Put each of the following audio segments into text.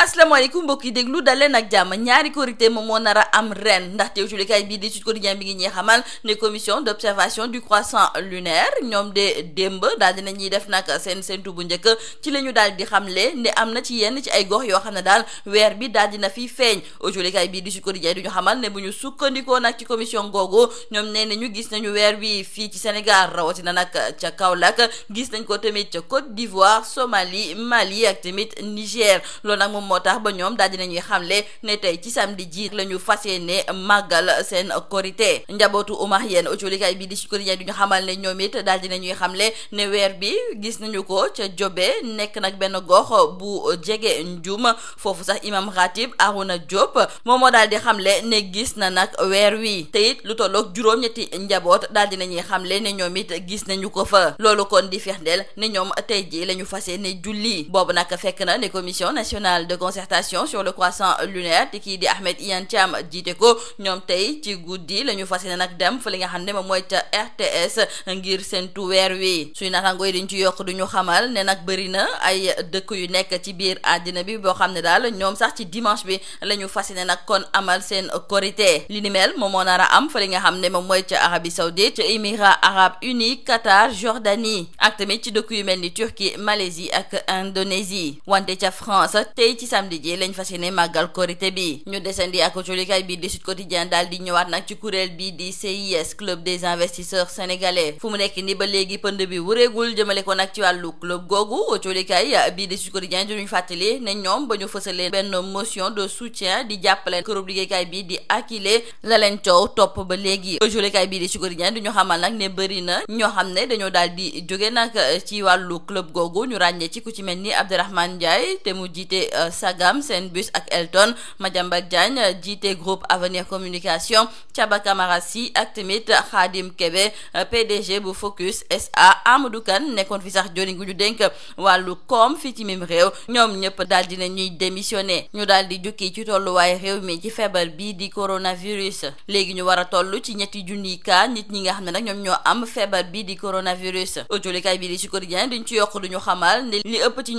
asalaamaaleykum mbokk yi déglu dal leen ak jàmm ñaari korité moom moo nar a am ren ndaxte yëglekaay bii di Sud Quotidien bi ngi ñuy xamal ne commission d' observation du croissant lunaire ñoom de démb daal dina ñuy def nag seen séntu bu njëkk ci la ñu daal di xamle ne am na ci yenn ci ay gox yoo xam ne daal weer bi daal dina fi feeñ yëglekaay bii di Sud Quotidien du ñu xamal ne bu ñu sukkandikoo nag ci commission googu ñoom nee nañu gis nañu weer bi fii ci Sénégal rawatina nag ca Kaolack gis nañ ko tamit ca Côte d'Ivoire Somalie Mali ak tamit Niger loolu nag moom moo tax ba ñoom daal dinañuy xamle ne tey ci samedi ji la ñu fas yéene màggal seen korité njabootu Umar yéen autolikay bi di su quotidien du ñu xamal ne ñoom it daal dinañuy xamle ne weer bi gis nañu ko ca Jobe nekk nag benn gox bu jege Ndioum foofu sax imam ratib Aruna Diop moom moo daal di xamle ne gis na nag weer wi te it lu tolloog juróom njaboot daal nañuy xamle ne ñoom it gis nañu ko fa loolu kon di firndeel ne ñoom tey ji la ñu fas julli boobu nag fekk na ne commission nationale de concertation sur le croissant lunaire te kii di Ahmed Iyane Thiam jiite ko ñoom tey ci guddi la ñu fas yéene nag dem fa li nga xam ne moom mooy ca RTS ngir seentu weer wi suy naataangoo yi dañ ci yokk duñu ñu xamal ne nag bëri na ay dëkk yu nekk ci biir àddina bi boo xam ne daal ñoom sax ci dimanche bi lañu ñu fas yéene nag kon amal seen korité li ni mel moom moo nar am fa li nga xam ne moom mooy ca Arabie Saoudite ca Émirats arabes unis Qatar Jordanie ak tamit ci dëkk yu mel ni Turquie Malaisie ak Indonésie wante ca samedi ji lañ fas yéene màggal korité bi ñu desandi ak colikaay bii di Sud Quotidien ñëwaat nag ci kuréel bii di bi wureegul jëmale ko nag ci wàllu club googu colikaay bii di Sud Quotidien di ñu fàttali ne ñoom ba ñu fësalee benn motion de soutien di jàppale kërub liggéeykaay bi di Akilee la coow topp ba léegi colikaay bii di Sud Quotidien di xamal nag ne bëri na ñoo xam ne dañoo daal jóge nag ci wàllu club googu ñu ràññee ci ku ci mel ni Abdourahmane Ndiaye te mu jiite euh, Sagam Senbus ak Elton Madiambal Diagne jiite groupe Avenir Communication Thiaba Camara Sy ak tamit Khadim Kebe PDG bu Focus SA Amadou Kane nekkoon fi sax jorin gu ñu denk wàllu koom fii ci mim réew ñoom ñëpp daal dina ñuy démissionné ñu daal di jukki ci tollu tolluwaay réew mi ci feebar bi di coronavirus léegi ñu war a toll ci ñetti junniy cas nit ñi nga xam ne nag ñoom ñoo am feebar bi di coronavirus ëjolikaay bii di ci quotidien duñ ci yokk duñu xamal ne li ëpp ci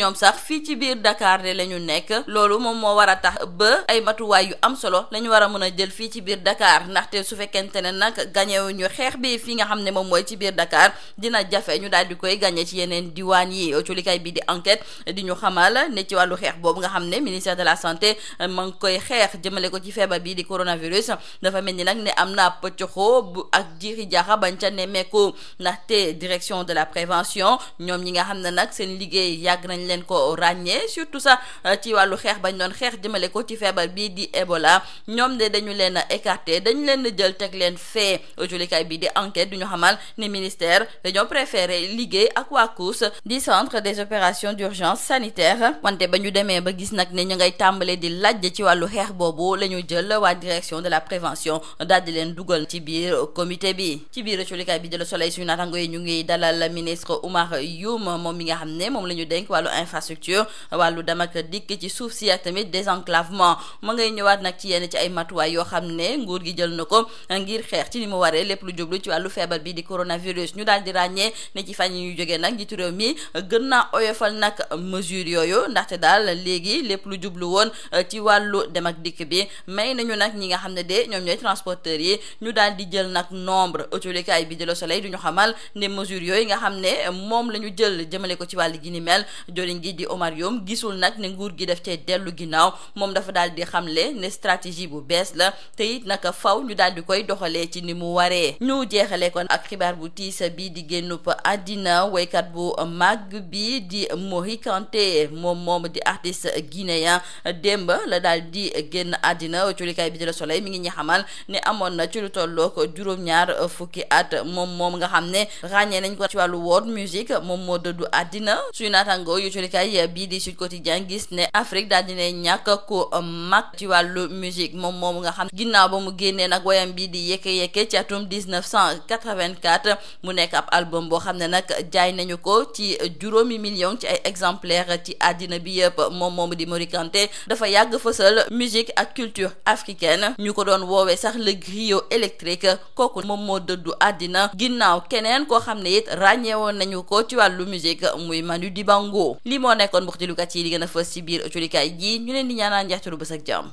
nekk loolu moom moo war a tax ba ay matuwaay yu am solo la ñu war a mën a jël fii ci biir Dakar ndaxte su fekkente ne nag gañewu ñu xeex bi fii nga xam ne moom mooy ci biir dakaar dina jafe ñu daal di koy gañe ci yeneen diwaan yi culikaay bi di enquête di ñu xamal ne ci wàllu xeex boobu nga xam ne ministère de la santé ma ngi koy xeex jëmale ko ci feebar bi di coronavirus dafa mel ni nag ne am naa pëccoxoo bu ak jiixi jaaxa bañ ca nemmeeku ndaxte direction de la prévention ñoom ñi nga xam ne nag seen liggéey yàgg nañ leen ko ràññee surtout sax ci wàllu xeex bañ doon xeex jëmale ko ci feebar bii di Ebola ñoom de dañu leen a écarté leen jël teg leen fee julikaay bii di enquête du ñu xamal ne ministère dañoo préféré liggéey ak waa COUS di centre des opérations d'urgence sanitaire wante ba ñu demee ba gis nag ne ñu ngay tàmbalee di lajj ci wàllu xeex boobu la ñu jël waa direction de la prévention daal di leen dugal ci biir comité bi ci biir julikaay bi di Le Soleil suñu naatango yi ñu ngi dalal ministre Oumar Youm moom mi nga xam ne moom la ñu dénk wàllu infrastructure wàllu dem dikk ci suuf si ak tamit désenclavement ma ngay ñëwaat nag ci yenn ci ay matuwaay yoo xam ne nguur gi jël na ko ngir xeex ci ni mu waree lépp lu jublu ci wàllu feebar bi di coronavirus ñu daal di ràññee ne ci fan yi ñu jógee nag njiitu réew mi gën naa oyofal nag mesure yooyu ndaxte daal léegi lépp lu jublu woon ci wàllu dem ak dikk bi may nañu nag ñi nga xam ne de ñoom ñooy transporteurs yi ñu daal di jël nag nombre autolikaay bi di Le Soleil du ñu xamal ne mesure yooyu nga xam ne moom la ñu jël jëmale ko ci wàll gi ni mel joriñ gi di Omar gisul nag ne nguur gi def cee dellu ginnaaw moom dafa daal di xamle ne stratégie bu bees la te it naka faw ñu daal di koy doxalee ci ni mu waree ñu jeexalee kon ak xibaar bu tiisa bi di génnup àddina waykat bu màgg bi di Mory moom moom di artiste guinéen démb la daal di génn àddina culikaay bi di la soleil mi ngi ñi xamal ne amoon na ci lu tollook juróom-ñaar fukki at moom moom nga xam ne ràññee nañ ko ci wàllu world music moom moo dëddu àddina suñu naataangoo yu culikaay bii di Sud Quotidien gis ne Afrique daal di ne ñàkk ko uh, mag ci wàllu musique moom moomu nga xam ginnaaw ba mu génnee nag woyam bi di yeke yeke ci atum 1984 mu nekk ab album boo xam ne nag jaay nañu ko ci juróomi million ci ay exemplaires ci àddina bi yëpp moom moom di Mori Kanté dafa yàgg fësal musique ak culture africaine ñu ko doon woowee sax le griot électrique kooku moom moo dëddu àddina ginnaaw keneen koo xam ne it ràññeewoon nañu ko ci wàllu musique muy Manu Dibango li moo nekkoon di gën yéenekaay gii ñu leen di ñaanaan njeextalu bés ak jàmm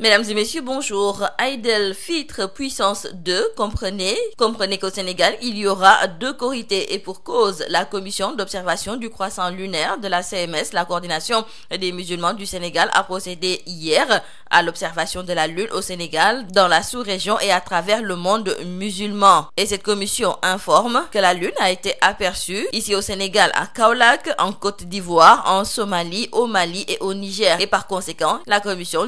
Mesdames et messieurs, bonjour. Aidel Fitre puissance 2, comprenez, comprenez qu'au Sénégal, il y aura deux comités et pour cause, la commission d'observation du croissant lunaire de la CMS, la coordination des musulmans du Sénégal a procédé hier à l'observation de la lune au Sénégal, dans la sous-région et à travers le monde musulman. Et cette commission informe que la lune a été aperçue ici au Sénégal, à Kaolack, en Côte d'Ivoire, en Somalie, au Mali et au Niger. Et par la commission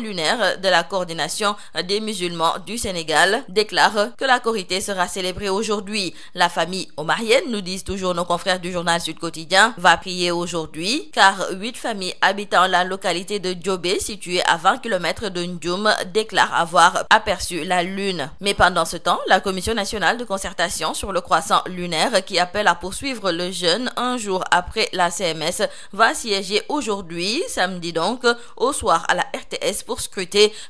la coordination des musulmans du Sénégal déclare que la Korité sera célébrée aujourd'hui. La famille omarienne, nous disent toujours nos confrères du journal Sud Quotidien, va prier aujourd'hui car huit familles habitant la localité de Diobé, située à 20 km de Ndioum, déclarent avoir aperçu la lune. Mais pendant ce temps, la Commission nationale de concertation sur le croissant lunaire qui appelle à poursuivre le jeûne un jour après la CMS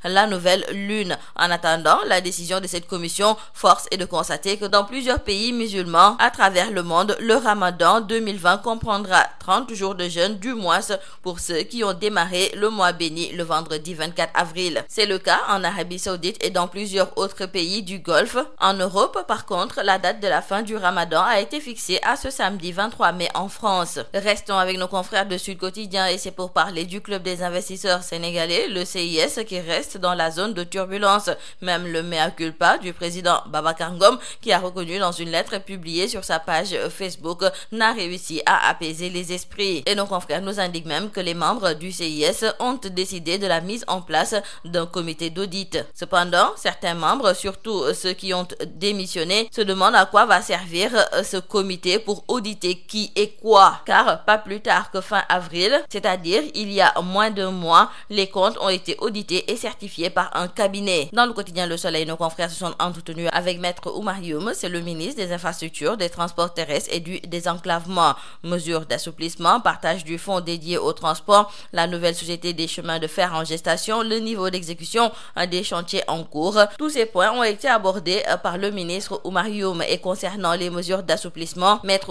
la nouvelle lune. En attendant la décision de cette commission, force est de constater que dans plusieurs pays musulmans à travers le monde, le Ramadan comprendra 30 jours de jeûne du mois pour ceux qui ont démarré le mois béni le vendredi 24 avril. C'est le cas en Arabie Saoudite et dans plusieurs autres pays du Golfe. En Europe, par contre, la date de la fin du Ramadan a été fixée à ce samedi 23 mai en France. Restons avec nos confrères de Sud Quotidien le reste dans la zone de turbulence. Même le mea culpa du président Babacar Ngom, qui a reconnu dans une lettre publiée sur sa page Facebook, n'a réussi à apaiser les esprits. Et nos confrères nous indiquent même que les membres du CIS ont décidé de la mise en place d'un comité d'audit. Cependant, certains membres, surtout ceux qui ont démissionné, se demandent à quoi va servir euh, ce comité pour auditer qui et quoi. Car pas plus tard que fin avril, c'est-à-dire il y a moins certifiée par un cabinet. Dans le quotidien Le Soleil, nos confrères se sont entretenus avec Maître Oumar c'est le ministre des Infrastructures, des Transports terrestres et du désenclavement. Mesures d'assouplissement, partage du fonds dédié au transport, la nouvelle société des chemins de fer en gestation, le niveau d'exécution des chantiers en cours. Tous ces points ont été abordés euh, par le ministre Oumar et concernant les mesures d'assouplissement, Maître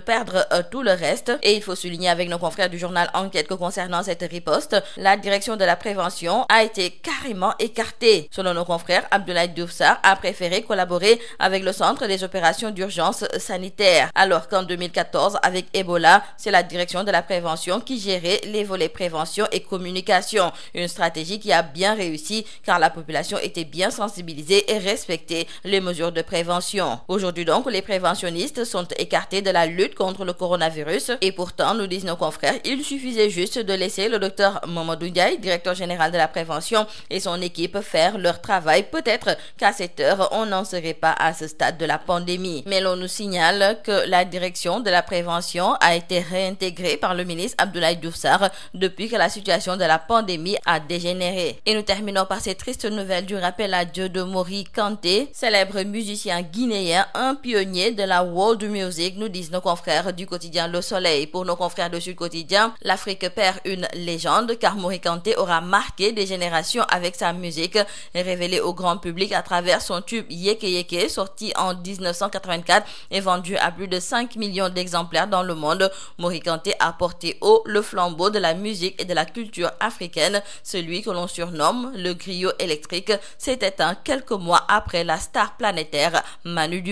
perdre euh, tout le reste. Et il faut souligner avec nos confrères du journal Enquête que concernant cette riposte, la direction de la prévention a été carrément écartée. Selon nos confrères, Abdoulaye Diouf a préféré collaborer avec le Centre des opérations d'urgence sanitaire. Alors qu'en avec Ebola, c'est la direction de la prévention qui gérait les volets prévention et communication. Une stratégie qui a bien réussi car la population était bien sensibilisée et respectait les lutte contre le coronavirus. Et pourtant, nous disent nos confrères, il suffisait juste de laisser le docteur Mamadou directeur général de la prévention, et son équipe faire leur travail. Peut-être qu'à cette heure, on n'en serait pas à ce stade de la pandémie. Mais l'on nous signale que la direction de la prévention a été réintégrée par le ministre Abdoulaye Diouf depuis que la situation de la pandémie a dégénéré. Et nous terminons par ces tristes nouvelles confrères du quotidien Le Soleil. Pour nos confrères de Sud Quotidien, l'Afrique perd une légende car Mori Kanté aura marqué des générations avec sa musique révélée au grand public à travers son tube Yeke Yeke en 1984 et vendu à plus de 5 millions d'exemplaires dans le monde. Mori Kanté a porté haut le flambeau de la musique et de la culture africaine. Celui que l'on surnomme le griot électrique s'est éteint quelques mois après la star planétaire Manu